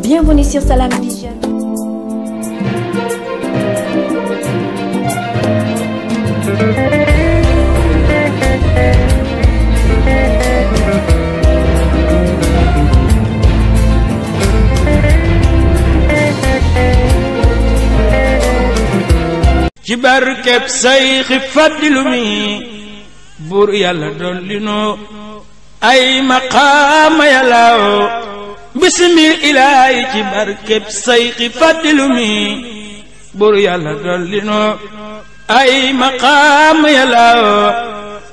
Bienvenue sur Salam Vision. ci barkeb sayxi fàddilu mi buur yàlla dolli noo ay maqaama yàllaaw bisimil ilaahi ci barkeb sayxi fàddilu mi yàlla dolli noo ay maqaam yàlla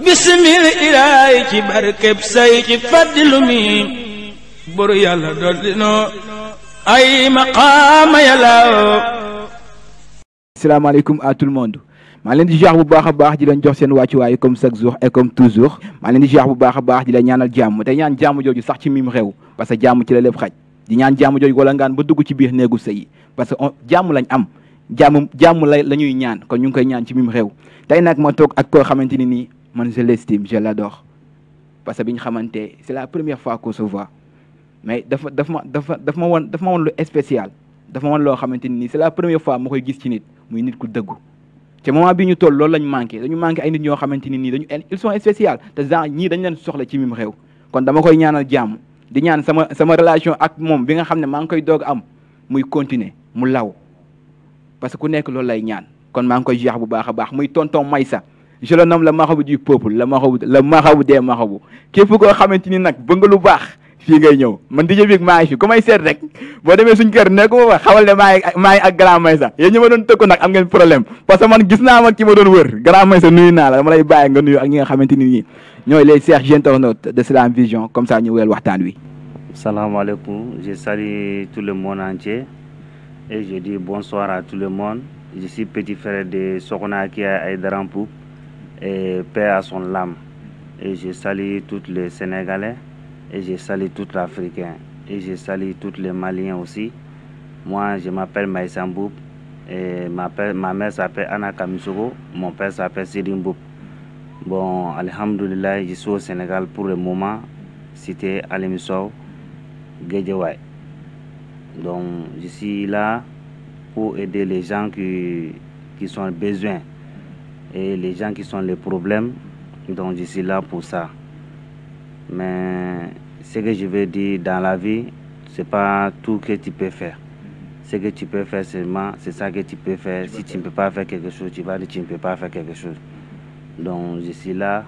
bisimil ilaahi ci barkeb sayxi fàddilu mi dolli noo ay maqaam yàlla salaamaaleykum à tout le monde maa leen bu baax a baax di leen jox seen wàccuwaay comme chaque jour comme toujours maa leen bu baax a baax di ñaan ñaanal jàmm te ñaan jàmm jooju sax ci mim xew parce que jaamu ci la lépp xaj di ñaan jaamu jooju wala ngaan ba dugg ci biir néegu sëy parce que on jaamu lañ am jaamu jaamu la la ñuy ñaan kon ñu ngi koy ñaan ci mim réew tey nag ma toog ak koo xamante ni nii man je l'estime je l'adore parce que bi ñu xamante c'est la première fois qu'on se mais dafa daf ma dafa daf ma woon daf ma woon lu spécial loo xamante ni nii c'est la première fois ma koy gis ci nit muy nit ku dëggu te moment bi ñu toll loolu lañ manqué dañu manqué ay nit ñoo xamante ni nii dañu ils sont spécial te genre ñii dañ leen soxla ci mim réew kon dama koy ñaan a jàmm di ñaan sama sama relation ak moom bi nga xam ne maa ngi koy doog am muy continuer mu law parce que ku nekk loolu lay ñaan kon maa ngi koy jeex bu baax a baax muy tonton Maysa je le nomme le marabout du peuple la marabout le marabout des marabouts képp koo xamante ni nag bëgg lu baax fii ngay ñëw man di Big maa ngi fi ku seet rek boo demee suñ kër nekkuma fa xawal ne maa ngi maa ngi Maysa yéen ñi ma doon tëkku nag am ngeen problème parce que man gis naa man ki ma doon wër grand Maysa nuyu naa la dama lay bàyyi nga nuyu ak ñi nga xamante ni ñi ñooy les chers internautes de Salam Vision comme ça ñu wéyal waxtaan wi. salaamaaleykum je salue tout le monde entier et je dis bonsoir à tout le monde je suis petit frère de Sokhna Kya Aïdara Mboup et paix à et je salue tout l'Africain et salue tous les Maliens aussi. Moi, je m'appelle Maïssa Mboub et ma, père, ma mère s'appelle Anna Kamisoko, mon père s'appelle Sirim Mboub. Bon, Alhamdulillah, je suis au Sénégal pour le moment, cité Alimissou, Guédiouaï. Donc, je suis là pour aider les gens qui, qui besoin et les gens qui sont les problèmes. Donc, je suis là pour ça. Mais ce que je veux dire dans la vie, c'est pas tout que tu peux faire. Ce que tu peux faire seulement, c'est ça que tu peux faire. Tu si peux tu ne peux pas faire quelque chose, tu vas dire tu ne peux pas faire quelque chose. Donc je suis là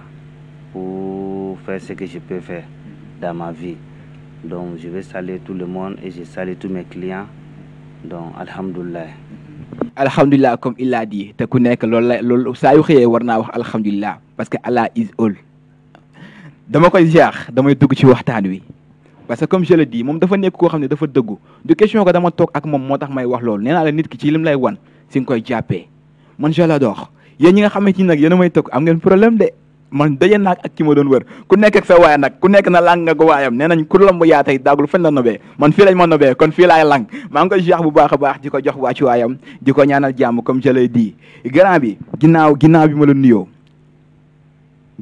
pour faire ce que je peux faire dans ma vie. Donc je vais saluer tout le monde et je salue tous mes clients. Donc alhamdulillah. alhamdulillah comme il l'a dit te ku nekk loolu la loolu saa yu xëyee war naa wax alhamdulillah parce que Allah is all. dama koy ziar damay dugg ci waxtaan wi parce que comme je le moom dafa nekk koo xam ne dafa dëggu du question que dama toog ak moom moo tax may wax loolu nee naa la nit ki ci lim lay wan si nga koy jàppee man je l'adore yéen ñi nga xamante ni nag yéen a may toog am ngeen problème de man daje naag ak ki ma doon wër ku nekk ak sa nag ku nekk na lang nga ko waayam nee na ku lamb yaa tey daagul fañ la nobee man fii lañ ma nobee kon fii laay lang maa ngi koy ziar bu baax a baax di ko jox wàccu waayam di ko ñaanal jàmm comme je le dis grand ginnaaw ginnaaw bi ma la nuyoo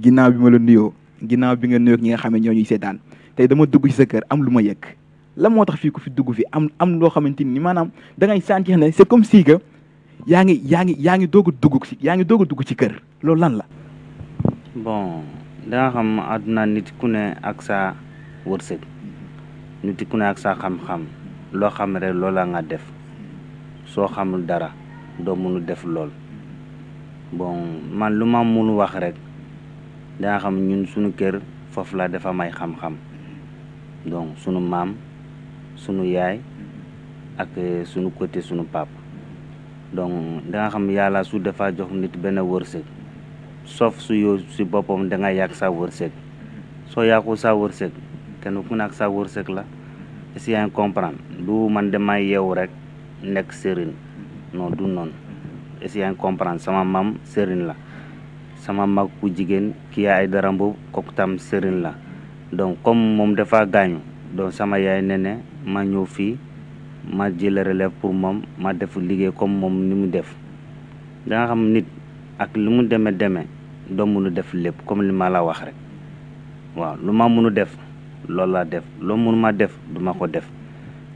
ginnaaw bi ma la nuyoo ginnaaw bi nga nuyoog ñi nga xam ne ñoo ñuy seetaan tey dama dugg ci sa kër am lu ma yëg la moo tax fii ku fi dugg fi am am loo xamante ni maanaam da ngay sentir ne c'est comme si que yaa ngi yaa ngi yaa ngi doog dugg ci yaa ngi doog a ci kër loolu lan la. bon danga xam àdduna nit ku ne ak sa wërsëg nit ku ne ak sa xam-xam loo xam rek loola nga def soo xamul dara doo mënu def lool bon man lu ma mënu wax rek. daa xam ñun suñu kër foofu laa dafa may xam-xam donc sunu maam sunu yaay ak euh, sunu côté sunu pap donc da xam yàlla su dafa jox nit benn wërsëg sauf su yow si boppam da nga yàq sa wërsëg soo yàqu sa wërsëg kenn ku nekk sa wërsëg la si en ngi comprendre du man damay yeewu rek nekk sëriñ non du noonu si en ngi comprendre sama maam sëriñ la sama mag bu jigéen Kya dara Mboup kooku tam sëriñ la donc comme moom dafa gaañu donc sama yaay ne ne ma ñëw fii ma jël relève pour moom ma def liggéey comme moom ni mu def danga xam nit ak lu mu deme deme doo mënu def lépp comme li ma la wax rek waaw lu ma mënu def loolu laa def lool mënu ma def duma ko def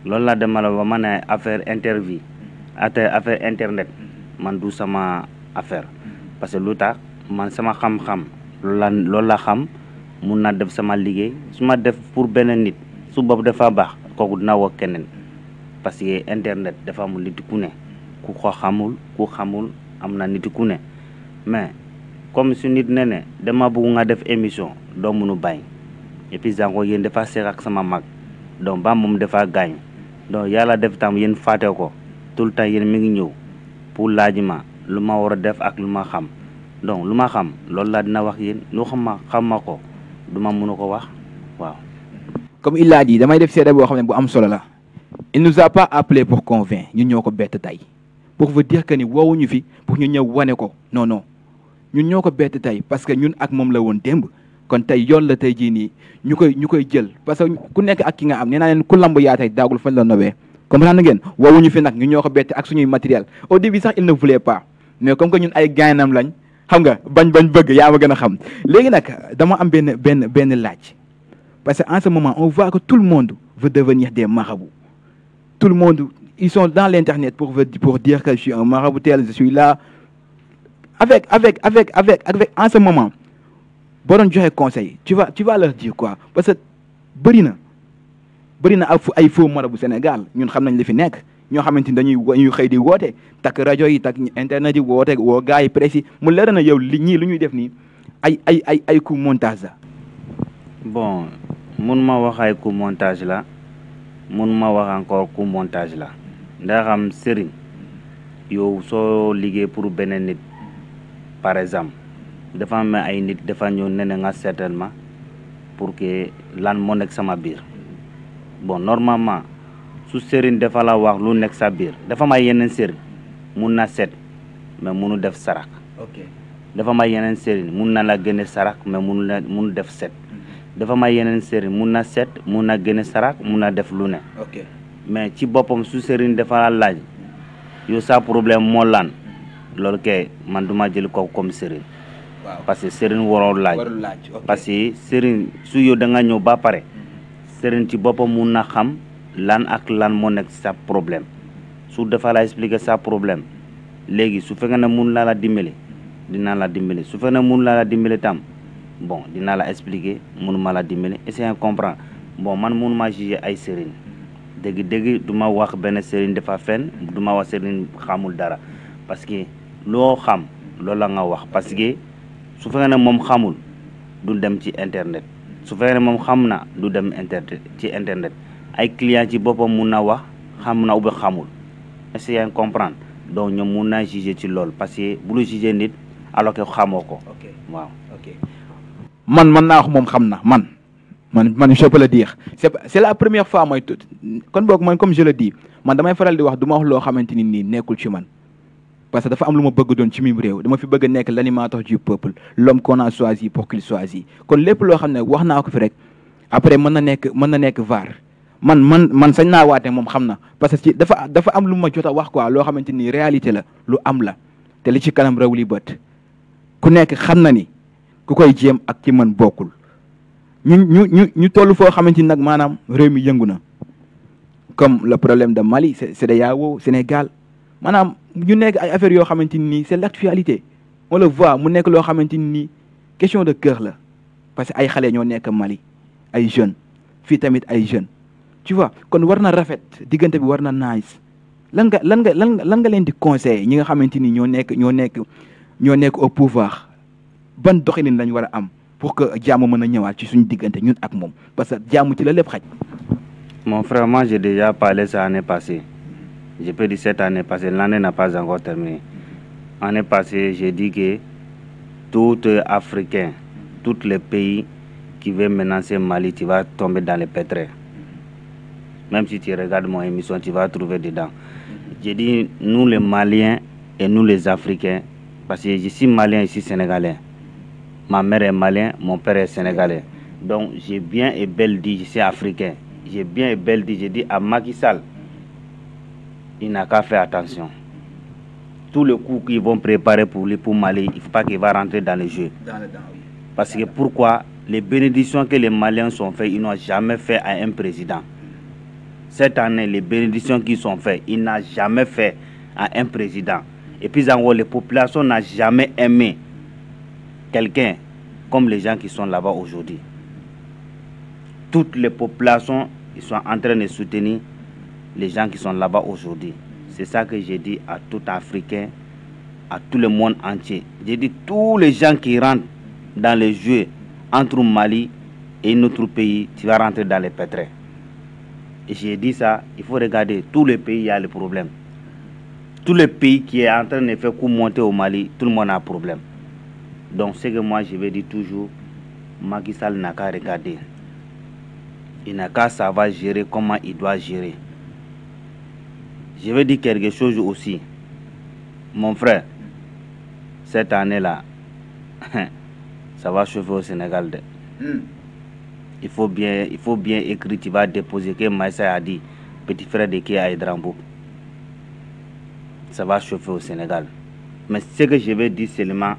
loolu laa dema la ba ma ne affaire interview affaire affaire internet man du sama affaire parce que lu tax man sama xam-xam loolu la xam mun na def sama liggéey su ma def pour beneen nit su boobu dafa baax kooku dina wax keneen parce que internet dafa amul nit ku ne ku ko xamul ku xamul am na nit ku ne mais comme su nit ne ne dama bëgg nga def émission doo munu bañ et puis Zango yéen dafa seex ak sama mag donc ba moom dafa gaañu donc yàlla def tam yéen fàtte ko tout le temps yéen mi ngi ñëw pour laaj ma lu ma war a def ak lu ma xam donc lu ma xam loolu laa dina wax yéen lu xam ma xam ma ko du ma mënu ko wax waaw. comme il l'a dit damay def seede boo xam ne bu am solo la. il nous a pas appelé pour convaincre ñun ñoo ko bett tey pour vous dire que ni woowuñu fi pour ñu ñëw wane ko non non ñun ko bett tey parce que ñun ak moom la woon demb kon tey yoon la tey jii nii ñu koy ñu koy jël parce que ku nekk ak ki nga am nee naa leen ku lamb yaa tey daagul fañ la nobee comprendre ngeen woowuñu fi nag ñun ñoo ko bett ak suñuy matériel au début sax il ne voulait pas mais comme que ñun ay gaynam lañ. xam nga bañ bañ bëgg yaa ma gën a xam léegi nag dama am benn benn benn laaj parce que en ce moment on voit que tout le monde veut devenir des marabouts tout le monde ils dans l'internet pour pour dire que je suis un marabout tel je suis là avec avec avec avec avec en ce moment boo doon joxe conseil tu vas tu vas leur quoi parce que bëri na bëri na ay faux marabout Sénégal ñun xam nañ li fi nekk. ñoo xamante ni dañuy ñu xëy di woote tak rajo yi tak internet yi woote woo gars yi presse mu leer na yow li ñii lu ñuy def nii ay ay ay ay coup montage la bon mun ma wax ay montage la mun ma wax encore ku montage la ndax xam yow soo liggéey pour beneen nit par exemple dafa am ay nit dafa ñëw ne ne nga certainement pour que lan moo sama biir bon normalement su sëriñ dafa la wax lu nekk sa biir dafa may yeneen sëriñ mun na set mais munu def sarak dafa may yeneen sëriñ mun na la génne sarak mais munu la munu def seet mhm. dafa may yeneen sëriñ mun na seet mun na génne sarak mun na def lu ne mais ci boppam su sëriñ dafa laaj yow sa problème moo lan mhm. loolu man duma jël ko comme sëriñ parce que sëriñ waroo laaj parce que sëriñ su yow da ñëw ba pare mhm. sëriñ ci boppam mun na xam lan ak lan moo nekk sa problème su dafa la expliquer sa problème léegi su fekkee na mun laa la dimbali dinaa la dimbali su fekkee ne mun laa la dimbali tam bon dinaa la expliquer munuma la dimbali essayer comprendre bon man munuma juger ay sëriñ dëgg-dëgg du ma wax benn sëriñ dafa fen du ma wax sëriñ xamul dara parce que loo xam loolu la nga wax parce que su fekkee ne moom xamul du dem ci internet su fekkee ne moom xam na du dem internet ci internet ay client ci boppam mun na wax xam na ou bien xamul est-ce que yaa comprendre donc ñoom mun naa juger ci lool parce que bu lu juger nit alors que xamoo ko. ok waaw man man naa wax moom xam na man man man je peux le dire fois mooy kon boog man comme je le man damay faral di wax du ma wax loo xamante ni nii nekkul ci man. parce que dafa am lu ma bëgg doon ci mim réew dama fi bëgg a nekk l'animateur du peuple l'homme qu'on a choisi pour qu'il choisit kon lépp loo xam ne wax naa ko fi rek après mën na nekk mën na nekk vaar man man man sañ naa waate moom xam na parce que dafa dafa am lu ma jot a wax quoi loo xamante ni réalité la lu am la te li ci kanam raw li bët ku nekk xam na ni ku koy jéem ak ci mën bokkul ñu ñu ñu ñu toll foo xamante ni nag maanaam réew mi yëngu na comme le problème de Mali CEDEAO Sénégal maanaam ñu nekk ay affaires yoo xamante ni c'est l'actualité on le voit mu nekk loo xamante ni question de kër la parce que ay xale ñoo nekk Mali ay jeunes fii tamit ay jeunes tu kon war na rafet diggante bi war na nice lan nga lan nga lan lan nga leen di conseil ñi nga xamante ni ñoo nekk ñoo nekk ñoo nekk au pouvoir ban doxalin lañ war a am pour que jàmm mën a ñëwaat ci suñu diggante ñun ak moom parce que jàmm ci la lépp xaj. mon frère je j'ai déjà parlé ça année passée je peux dire cette année passée l'année n'a pas encore terminé année passée j'ai dit que tout Africain tous les pays qui veulent menacer Mali tu vas tomber dans les pétrés Même si tu regardes mon émission, tu vas trouver dedans. J'ai dit, nous les Maliens et nous les africain parce que je suis Malien, je suis Sénégalais. Ma mère est Malien, mon père est Sénégalais. Donc j'ai bien et belle dit, je suis Africain. J'ai bien et belle di j'ai dit à Macky Sall, il n'a qu'à faire attention. Tout le coup qu'ils vont préparer pour lui, pour Mali, il ne faut pas qu'il va rentrer dans le jeu. Parce que pourquoi les bénédictions que les Maliens ont faites, ils n'ont jamais fait à un président. cette année, les bénédictions qui sont faites, il n'a jamais fait à un président. Et puis en gros, les populations n'ont jamais aimé quelqu'un comme les gens qui sont là-bas aujourd'hui. Toutes les populations ils sont en train de soutenir les gens qui sont là aujourd'hui. C'est ça que j'ai dit à tout Africain, à tout le monde entier. J'ai dit tous les gens qui rentrent dans les jeux entre Mali et notre pays, tu vas rentrer dans les pétrés. j'ai dit ça, il faut regarder, tout les pays a le problème. Tout le pays qui est en train de faire coup monter au Mali, tout le monde a un problème. Donc ce que moi je toujours, Macky sal n'a qu'à regarder. Il n'a qu'à savoir gérer comment il doit gérer. Je vais dire quelque chose aussi. Mon frère, cette année-là, ça va chauffer au Sénégal. De. Hmm. il faut bien, il faut bien écrire, tu petit frère de qui à Drambo. Ça va chauffer au Sénégal. Mais ce que je vais dire seulement,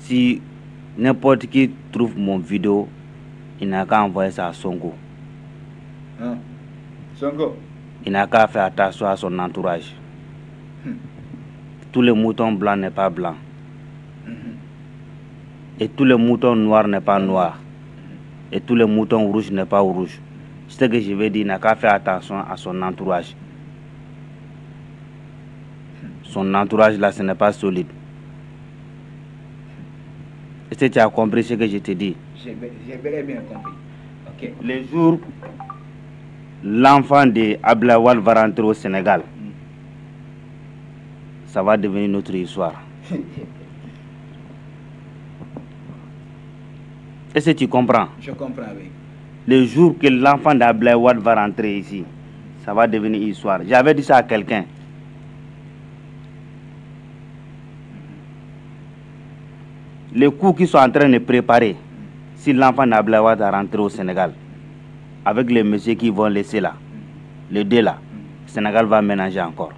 si n'importe qui trouve mon vidéo, il n'a qu'à envoyer ça à Songo. Hein? Songo Il n'a qu'à faire attention à son entourage. Tous les moutons blancs n'est pas blanc. Et tout le mouton noir n'est pas noir. Et tout le mouton rouge n'est pas rouge. Ce que je veux n'a qu'à faire attention à son entourage. Son entourage là, ce n'est pas solide. Est-ce que tu as compris ce que je te dis? Le jour l'enfant de Ablawal va rentrer Sénégal, mm. ça va devenir notre histoire. Est-ce que tu comprends Le jour que l'enfant d'Ablai va rentrer ici, ça va devenir histoire. J'avais dit ça à quelqu'un. Mm-hmm. Les coups qu'ils sont en train de préparer, si l'enfant d'Ablai va rentrer au Sénégal, avec les messieurs qui vont laisser là, mm-hmm. les deux là, mm-hmm. Sénégal va ménager encore.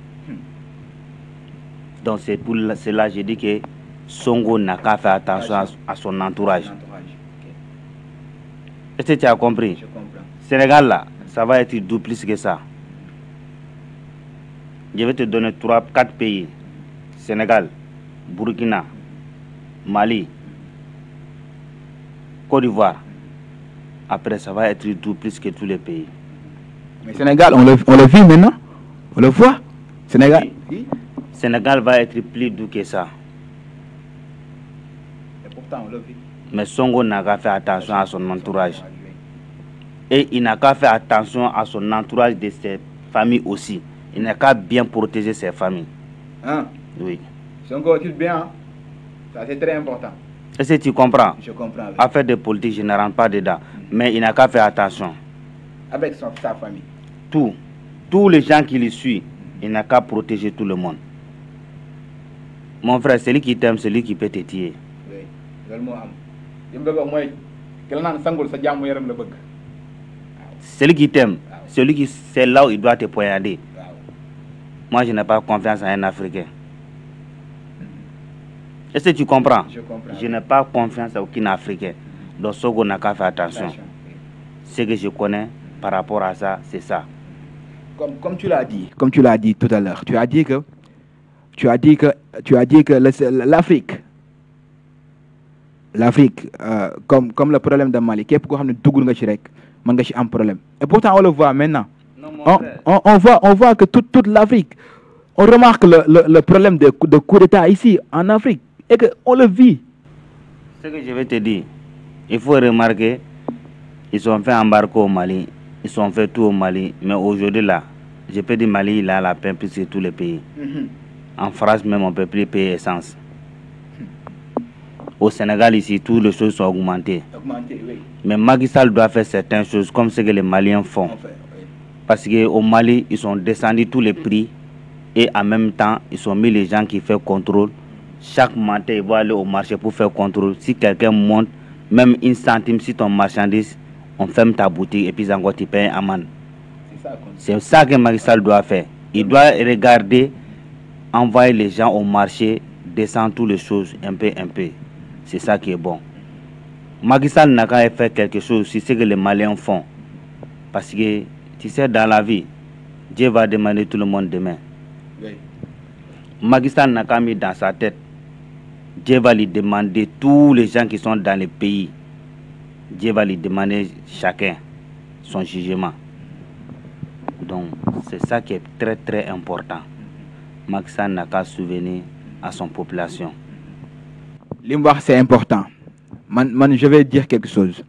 Donc c'est pour cela que j'ai que Songo n'a qu'à faire attention à son entourage. Est-ce que tu as compris? Je comprends. Sénégal là, ça va être du plus que ça. Je te donner trois, quatre pays. Sénégal, Burkina, Mali, Côte d'Ivoire. Après, sa va être du plus que tous les pays. Mais Sénégal, on le, on le vit maintenant? On le voit? Sénégal. Sénégal va être plus doux que ça. mais Sonko n'a qu'à faire attention à son entourage. Et il n'a qu'à faire attention à son entourage de ses familles aussi. Il n'a qu'à bien protéger ses familles. Hein Oui. est-il bien Ça, c'est très important. Est-ce que tu comprends Je comprends. Oui. Affaire de politique, je pas dedans. Mmh. Mais il n'a qu'à faire attention. Tout. Tous les gens qui le suivent, n'a qu'à protéger tout le monde. Mon frère, celui qui t'aime, celui qui li mu bëgg wax sangul sa jàmm yaram la bëgg. celui qui t'aime, celui qui c'est là où il doit te Moi, je n'ai pas confiance en Africain. est tu comprends? Je comprends. pas confiance en aucun Africain. Mm-hmm. Donc, Sogo n'a qu'à faire attention. Ce que je connais par rapport à ça, c'est ça. Comme, tu l'as dit, tout à l'heure, tu as dit que tu as dit que l'Afrique l'Afrique euh, comme comme le problème de Mali képp koo xam ne dugg nga ci rek mën nga ci am problème et pourtant on le voit maintenant non, on, on que toute l'Afrique on remarque le problème de de coup d'État ici en Afrique et que on le vit ce que je vais te dire il faut remarquer ils ont fait embarquer au Mali ils ont fait tout au Mali mais aujourd'hui là je peux dire Mali il a la paix plus tous les pays mhm. en France même on peut plus payer essence au Sénégal ici, toutes les choses sont augmentées. Augmenté, oui. Mais Macky Sall doit faire certaines choses, comme ce que les Maliens font. Enfin, oui. au Mali, ils ont descendu tous les prix et en même temps, ils ont mis les gens qui font contrôle. Chaque matin, ils vont aller au marché pour faire contrôle. Si quelqu'un monte, même une centime, si ton marchandise, on ferme ta boutique et puis encore tu payes un amende. C'est ça que Macky Sall doit faire. Il doit regarder, envoyer les gens au marché, descendre toutes les choses un peu, c'est ça qui est bon. Macky Sall n'a qu'à faire quelque chose sur ce que les Maliens Parce que, tu sais, dans la vie, Dieu va demander tout le monde de Oui. Macky Sall n'a qu'à mettre dans sa tête. Dieu va lui demander tous les gens qui sont dans le pays. Dieu va lui demander chacun son jugement. Donc, c'est ça qui très très important. Macky Sall n'a qu'à souvenir à son population. li mu wax c'est important man man je vais dire quelque chose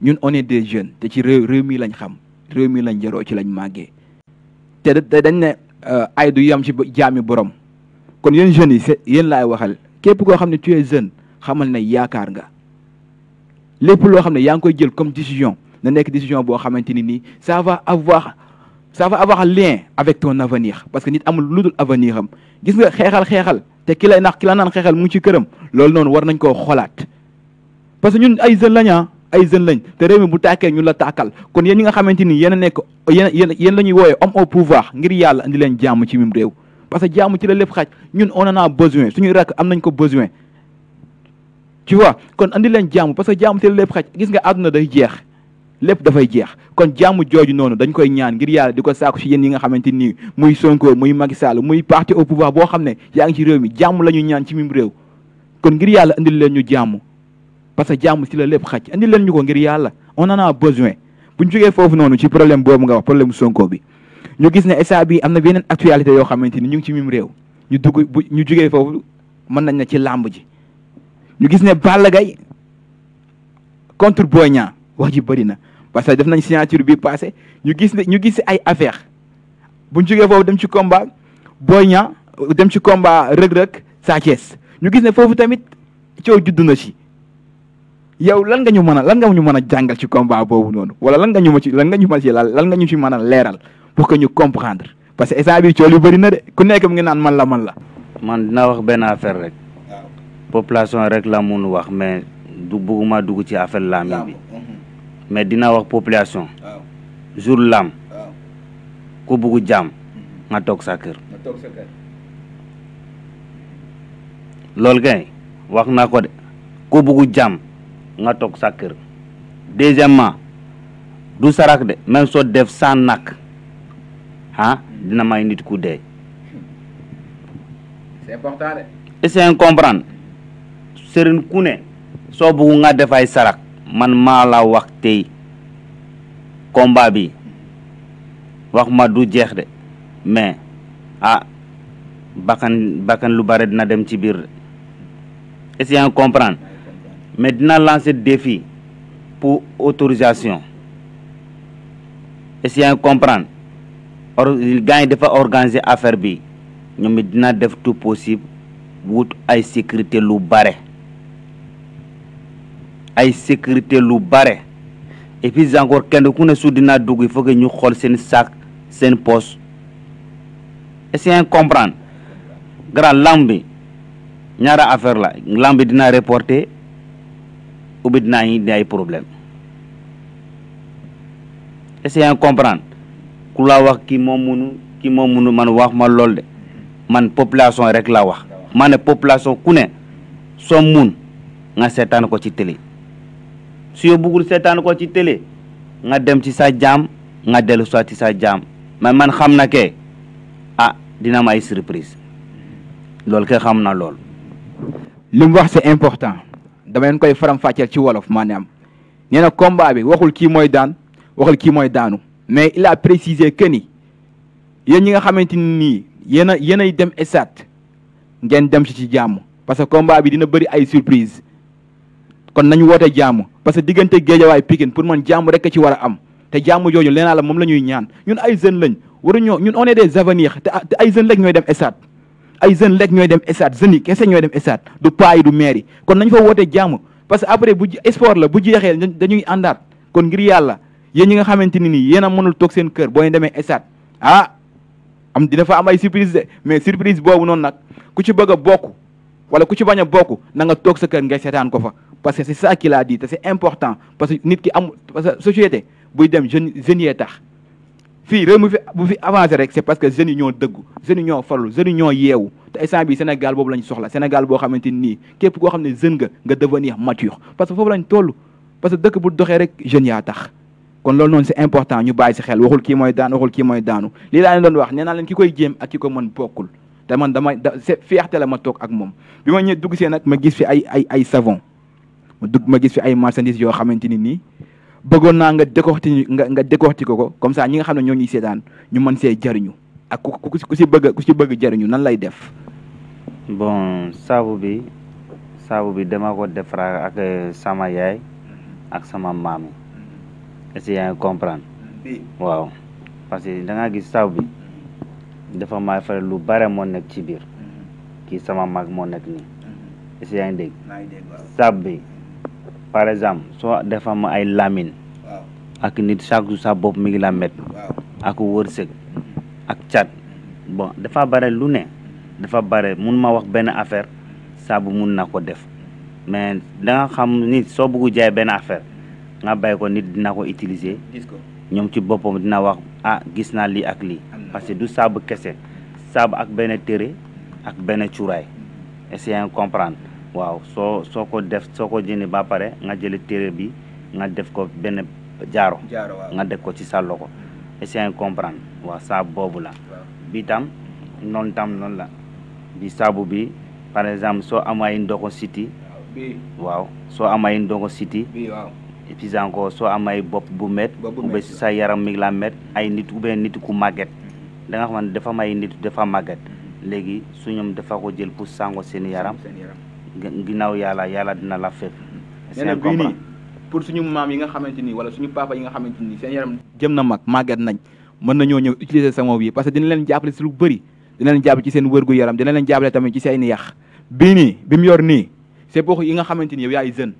ñun on est des jeunes te ci réew réew mi lañ xam réew mi lañ jaroo ci lañ màggee te dañ ne euh, ay du yam ci jaami borom kon yéen jeunes yi c'est yéen laay waxal képp koo xam ne tu es jeune xamal ne yaakaar nga lépp loo xam ne yaa ngi koy jël comme décision na nekk décision boo xamante ni nii ça va avoir ça va avoir lien avec ton avenir parce que nit amul lu dul avenir am gis nga xeexal xeexal te ki lay nax ki naan xeexal mu ci këram loolu noonu war nañ koo xoolaat parce que ñun ay jeunes lañaa ah, ay jeunes lañ te réew mi bu tàkkee ñun la tàkkal kon yéen ñi nga xamante ni yéen a nekk yéen yéen la ñuy wooyee homme au pouvoir ngir yàlla andi leen jàmm ci mim réew parce que jàmm ci la lépp xaj ñun on en a besoin suñuy rakk am nañ ko besoin tu vois kon andi leen jàmm parce que jàmm ci la lépp xaj gis nga àdduna day jeex lépp dafay jeex kon jàmm jooju noonu dañ koy ñaan ngir yàlla di ko saaku ci yéen yi nga xamante nii muy Sonko muy Macky Sall muy parti au pouvoir boo xam ne yaa ngi ci réew mi jàmm la ñu ñaan ci mim réew kon ngir yàlla indil leen ñu jàmm parce que jàmm si la lépp xaj indil leen ñu ko ngir yàlla on en a besoin bu jugee foofu noonu ci problème boobu nga wax problème Sonko bi ñu gis ne esa bi am na beneen actualité yoo xamante ni ñu ngi ci mim ñu dugg bu ñu jógee foofu mën nañ na ci làmb ji ñu gis ne Balla Gaye contre Boy wax ji bëri na parce que def nañ signature bi passé ñu gis ne ñu gis ay affaire buñ jógee foofu dem ci combat booy Niang dem ci combat Reug Reug Sa ñu gis ne foofu tamit coow juddu na ci yow lan nga ñu mën a lan nga ñu mën a jàngal ci combat boobu noonu wala lan nga ñu ma ci lan nga ñu ma ci lan nga ñu ci mën a leeral pour que ñu comprendre parce que instant bi coow yu bëri na de ku nekk mu ngi naan man la man la. man dinaa wax benn affaire rek. population rek la mun wax mais du bugguma dugg ci affaire laamin bi. mais dina wax population. jour lam ku bugg jàmm mhm. nga toog sa kër. nga toog sa naa ko de ku bugg jàmm nga toog sa kër. deuxièmement du sarak de même soo def sans nak ah mhm. dina ma nit ku dee. c'est important de. est-ce que comprendre sëriñ ku ne soo bugg nga def ay sarak. man maa la wax tey combat bi wax ma du jeex de mais ah bakkan bakkan lu bare dina dem ci biir de essayant comprendre mais dina lancer défi pour autorisation essayant comprendre or gars yi dafa organiser affaire bi ñoom dina def tout possible wut ay sécurité lu bare ay sécurité lu bare et puis encore kenn ku ne su dinaa dugg il faut ñu xool seen sac seen poche essayer comprendre grand lamb bi ñaara affaire la lambi dina dinaa reporter ubbi dinaa ay problème essayer comprendre ku la wax ki moom munu ki moom munu man wax ma lool de man population rek la wax ma ne population ku ne soo mun nga seetaan ko ci télé su yoo buggul seetaan ko ci télé nga dem ci sa jaam nga dellu soit ci sa jaam mais man xam na ke ah dina am ay surprise loolu ke xam na lool. li mu wax c'est important dama leen koy faram-fàcceel ci wolof maanaam nee na combat bi waxul kii mooy daan waxul kii mooy daanu mais il a précisé que ni yéen ñi nga xamante ni yéen a yéen ay dem esat ngeen dem ci ci jàmm parce que combat bi dina bëri ay surprise kon nañ woote jaamu parce que diggante géejawaay Pikine pour man jaamu rek ci war am te jaamu jooju leenaa la moom la ñuy ñaan ñun ay jeunes lañ waruñoo ñun on est des avenirs te ay jeunes rek ñooy dem estade ay jeunes rek ñooy dem estade jeunes yi kese ñooy dem du paa yi du maire kon nañ fa woote jaamu parce que après bu sport la bu jeexee dañuy àndaat kon ngir yàlla yéen ñi nga xamante ni nii yéen a mënul toog seen kër boo ñu demee estade ah am dina fa am ay surprise de mais surprise boobu noonu nag ku ci bëgg bokk wala ku ci bañ a bokk na nga toog sa kër ngay seetaan ko fa parce que c'est ça qu'il a dit te c'est important parce que nit ki am société buy dem jeune jeunes yee tax fii réew mu fi bu fi avancé rek c'est parce que jeunes yi ñoo dëggu jeunes yi ñoo farlu jeunes yi ñoo yeewu te instant Sénégal boobu lañ soxla Sénégal boo xamante nii képp koo xam ne jeune nga nga devenir mature parce que foofu lañ toll parce que dëkk bu doxee rek jeunes yaa tax kon loolu noonu c'est important ñu bàyyi si xel waxul kii mooy daan waxul kii mooy daanu lii laa leen doon wax naa leen ki koy jéem ak ki ko mën bokkul te man dama da fierté la ma toog ak moom bi dugg see nag ma gis fi ay ay ay savon ma dugg ma gis fi ay marchandises yoo xamante ni nii bëggoon naa nga décorti nga nga décorti ko ko comme ça ñi nga xam ne ñoo ñuy seetaan ñu man see jariñu ak ku ku si bëgg ku si bëgg jariñu nan lay def. bon saabu bi saabu bi dama ko defar ak euh, sama yaay ak sama maam yi est waaw parce que da gis saabu bi dafa may lu bare moo nekk ci biir mm-hmm. kii sama mag moo nekk nii mm-hmm. est-ce que yaa bi. par exemple soo defa ma ay lamine ak nit chaque jour sa bopp mi ngi la met ak wërsëg ak cat bon dafa bare lu ne dafa bare mun ma wax benn affaire saabu mun na ko def mais danga xam nit soo bëgg jaay benn affaire nga bàyyi ko nit dina ko utiliser ñoom ci boppam dina wax ah gis naa lii ak lii parce que du saabu kese saabu ak benn téere ak benn cuuraay essayer comprendre waaw soo soo ko def soo ko jëndee ba pare nga jële téere bi nga def ko benn jaaro nga def ko ci sa ko essayer comprendre waaw saa boobu la bi tam noonu tam noonu la bi saabu bi par exemple soo amay ndoxo siti waaw soo amay ndoxo siti et puis encore soo amay bopp bu met oubien si sa yaram mi met ay nit ku oubien nit ku màgget mm-hmm. da nga xam ne dafa may nit dafa màgget mm-hmm. léegi su ñoom dafa ko jël pour sango seen yaram ginnaaw yàlla yàlla dina la fekk. nee na pour suñu maam yi nga xamante ni wala suñu papa yi nga xamante ni seen yaram jëm na mag màgget nañ mën nañoo ñëw utiliser sama bii parce que dina leen jàppale si lu bëri dina leen jàppale ci seen wërgu yaram dina leen jàppale tamit ci seen yàq bii nii bi mu yor nii c'est pour yi nga xamante ni yow yaay jeune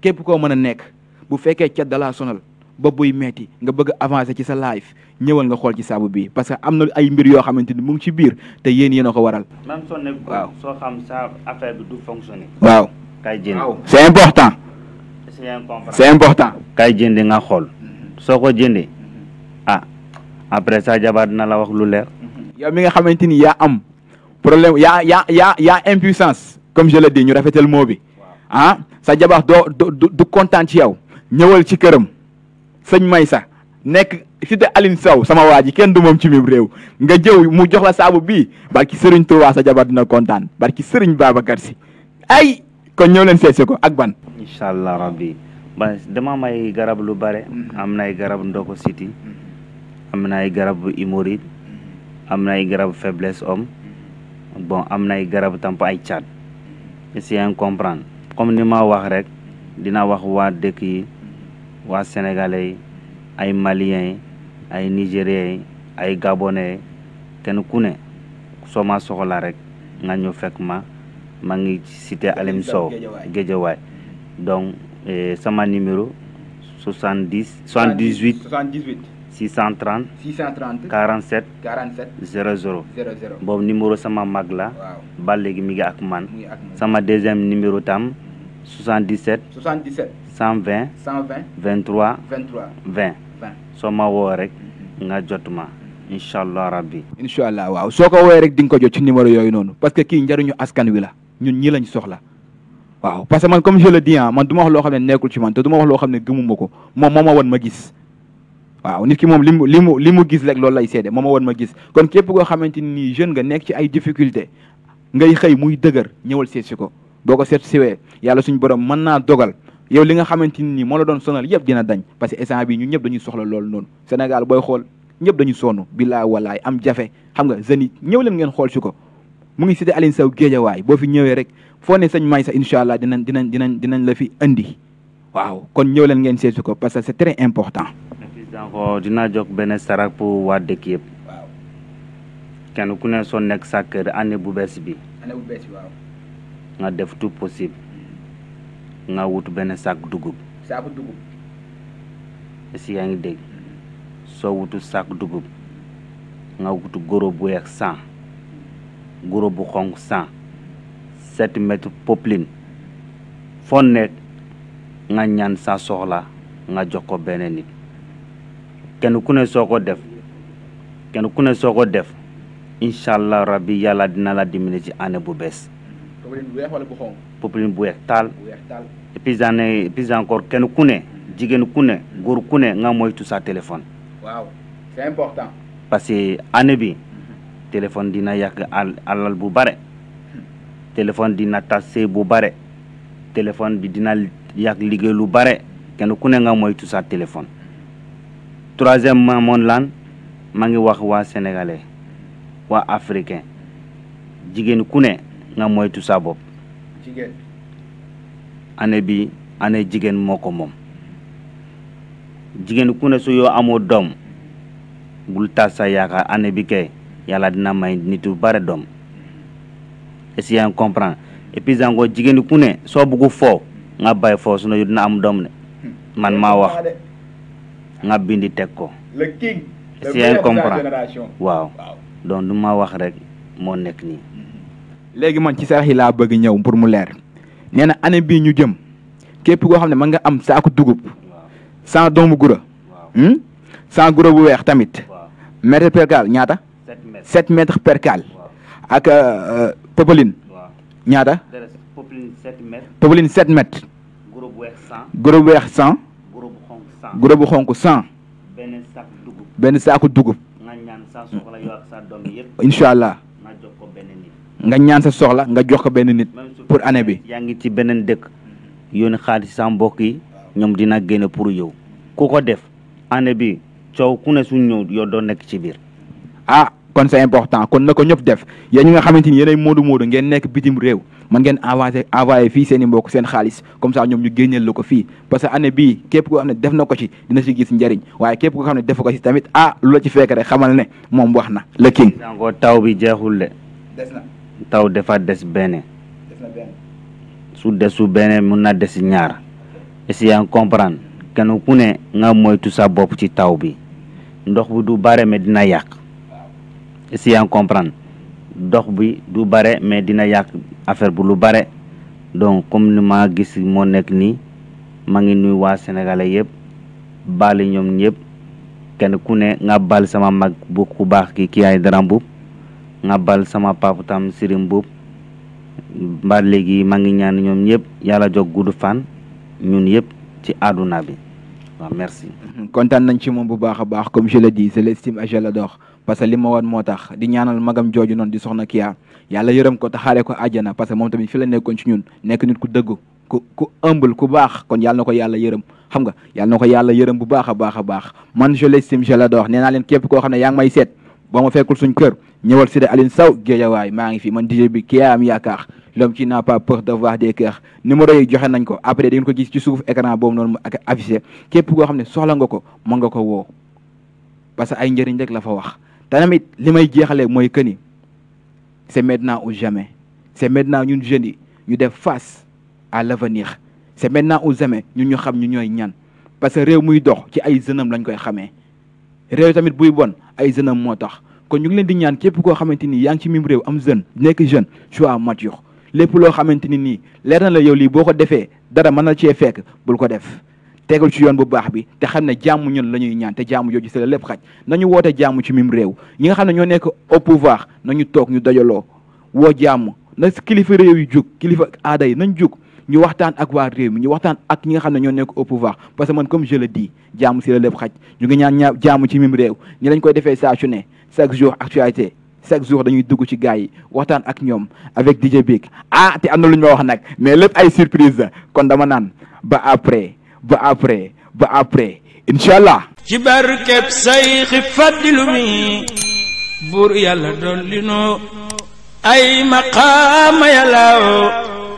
képp koo mën a nekk bu fekkee cat dalaa sonal ba buy metti nga bëgg avancer ci sa life ñëwal nga xool ci saabu bi parce que am na ay mbir yoo xamante ni mu ngi ci biir te yéen yéen a ko waral. même soo ne waaw soo xam sa affaire du fonctionner. waaw kay jënd c'est important. c'est important. kay jëndi nga xool mm-hmm. soo ko jëndee mm-hmm. ah après sa jabar dina la wax lu leer. Mm-hmm. yow mi nga xamante ni yaa am problème yaa yaa yaa yaa impuissance comme je l'ai dit ñu rafetal moo bi ah sa jabar doo du kontaan ci yow ñëwal ci këram. sëñ sax nekk cité Aline Sow sama waa ji kenn du moom ci mim réew nga jëw mu jox la saabu bii barki sëriñ Touba sa jabar dina kontaan ki sëriñ Babacar si ay kon ñëw leen seesi ko ak ban incha allah rabbi ba dama may garab lu bare am nay garab ndoko siti am nay garab hémorroïde am nay garab faiblesse homme bon am nay garab tamp ay caat en comprendre comme ni ma wax rek dina wax waa dëkk yi waa sénégalais yi ay maliens ay nigériens ay gabone yi kenn ku ne soo ma soxla rek nga ñëw fekk ma ma ngi cité Alim Sow Guédiawaye donc eh, sama numéro 70 78 78 630 630 47 47 00 00 boobu numéro sama mag la wow. ba léegi mi ngi ak man sama deuxième numéro tam 77. 77. 120. 120. 23. 23 20. 20 soo ma woo rek mm-hmm. nga jot ma. Mm-hmm. incha allah rabbi. incha allah waaw soo ko woowee rek di nga ko jot ci numéro yooyu noonu parce que kii njariñu askan wi la ñun ñii lañ soxla waaw parce que man comme je le dis ah man du ma wax loo xam ne nekkul ci man te du ma wax loo xam ne gëmuma ko moom moo ma wan ma gis. waaw nit ki moom li mu li mu li mu gis rek loolu lay seede moo ma wan ma gis kon képp koo xamante ni jeune nga nekk ci ay difficulté ngay xëy muy dëgër ñëwal seet si ko. boo ko seet siwee yàlla suñu borom mën naa dogal yow li nga xamante ni moo la doon sonal yëpp dina dañ parce que instant bi ñu ñëpp dañuy soxla loolu noonu Sénégal booy xool ñëpp dañu sonn billaay walaay am jafe xam nga jeunes yi ñëw leen ngeen xool si ko mu ngi si cité Aline Sow waay boo fi ñëwee rek foo ne sëñ may sa incha allah dinañ dinañ dinañ dinañ la fi indi waaw kon ñëw leen ngeen seetsi ko parce que c'est très important. donc dinaa jox benn sarak pour waa dëkk yëpp. waaw ku ne soo nekk sa kër bu bees bi. année nga def tout possible nga wut benn saak dugub. saaku dugub. si yaa ngi soo wutu saak dugub nga wutu goro bu weex cent goro bu xonq cent sept mètres popeline foo nekk nga ñaan sa soxla nga jox ko benn nit kenn ku ne soo def kenn ku ne soo ko def incha allah rabbi yàlla dina la dimbali ci année bu bees. popeline bu weex taal. bu weex taal. et encore kenn ku ne. jigéen ku ne góor ku ne nga moytu sa téléphone. waaw c'est que année bi. Mhm. téléphone dina yàq alal bu bare. téléphone dina tas bu bare. téléphone bi dina yàq liggéey lu bare kenn ku ne nga moytu sa téléphone. troisièmement moon lan maa ngi wax waa sénégalais waa africain jigéen ku nga moytu sa bopp jigéen année bi année jigéen moo ko moom jigéen ku ne su amoo doom bul tas sa yaakaar année bi kay yàlla dina may nitu yu bare doom est-ce que yaa ngi comprendre et puis encore jigéen ku soo bëgg foo nga bàyyi foo su ne dina am doom ne hmm. man ma wax nga bindi teg ko est-ce que yaa ngi ma wax rek moo nekk nii léegi man ci sarax yi laa bëgg ñëw pour mu leer nee na année bii ñu jëm képp koo xam ne mën nga am saaku dugub sans doomu gura hmm? sans gura bu weex tamit mètre percale ñaata. 7 mètres percale ak euh, popeline ñaata. popeline 7 mètres. gura bu weex 100. gura bu weex 100. gura bu xonk 100. benn saaku dugub. benn saaku dugub. incha allah. nga ñaan sa soxla nga jox ko benn nit pour année bi. yaa ngi ci beneen dëkk yónni xaalis sa mbokk yi ñoom dina génne pour yow ku ko def année bi coow ku ne suñ ñëw yow doo nekk ci biir. ah kon c'est important kon na ko ñëpp def yéen ñi nga xamante ni yéenay moodu moodu ngeen nekk bitim réew ma ngeen avancé envoyé fii seen i mbokk seen xaalis comme ça ñoom ñu génneel la ko fii parce que année bii képp koo xam ne def na ko ci dina si gis njëriñ waaye képp koo xam ne def ko ci tamit a ah, lu la fekk rek xamal ne moom wax na. le king. taw bi jeexul de. taw dafa des benn su desu benn mun na des ñaar essayant comprendre kenn ku ne nga moytu sa bopp ci taw bi ndox bi du bare me dina yàq essayant comprendre dox bi du bare mais dina yàq affaire bu lu bare donc comme ni ma gis moo nekk nii ma ngi nuy waa sénégalais yëpp baali ñoom ñëpp kenn ku ne nga bal sama mag bu ku baax ki ki ay darambu nga bal sama papa tam Serigne Mboup ba léegi maa ngi ñaan ñoom ñëpp yàlla jog gudd fan ñun yëpp ci àdduna bi waaw merci. kontaan nañ ci moom bu baax a baax comme je l'ai dit que li ma woon di ñaanal magam jooju noonu di soxna Kya yàlla yërëm ko taxaare ko àjjana parce que moom tamit fi la nekkoon ci ñun nekk nit ku dëggu ku ku humble ku baax kon yàlla ko yàlla yërëm xam nga yàlla na ko yàlla yërëm bu baax a baax a baax man je l'estime je l'adore nee naa leen képp koo xam ne yaa ngi may seet. boo ma fekkul suñ kër ñëwal Cité Aline Sow géejawaay maa ngi fi man DJ bi kii am yaakaar l'homme qui n'a pas peur d'avoir des cœurs numéro yi joxe nañ ko après di ngeen ko gis ci suuf écran boobu noonu ak affiché képp koo xam ne soxla nga ko mën nga ko woo parce que ay njëriñ rek la fa wax te tamit li may jeexalee mooy que ni c'est maintenant ou jamais c'est maintenant ñun jeunes yi ñu def face à l'avenir c'est maintenant ou ñun ñu xam ñu ñooy ñan parce que réew muy dox ci ay jeunes am lañ koy xamee réew tamit buy bon. ay jeune moo tax ko ñu ngi leen di ñaan képp koo xamante ni yaa ngi ci mim réew am jeune nekk jeune choix mature lépp loo xamante ni nii leer na la yow lii boo ko defee dara mën na cee fekk bul ko def tegul ci yoon bu baax bi te xam ne jàmm ñun la ñuy ñaan te jàmm jooju si la lépp xaj nañu woote jàmm ci miim réew ñi nga xam ne ñoo nekk au pouvoir nañu toog ñu dajaloo woo jàmm na kilifa réew yu jug kilifa aada yi nañ jug ñu waxtaan ak waa réew mi ñu waxtaan ak ñi nga xam ne ñoo nekk au pouvoir parce que man comme je le dis jaamu si la lépp xaj ñu ngi ñaan ñaa jaamu ci mim réew ñi lañ koy defee saa su ne chaque jour actualité chaque jour dañuy dugg ci gars yi waxtaan ak ñoom avec DJ Big ah te am na lu ñu ma wax nag mais lépp ay surprise la kon dama naan ba après ba après ba après incha allah ci barkeb sayxi faddilu mi buur yàlla dolli noo ay maqaama yàllaaw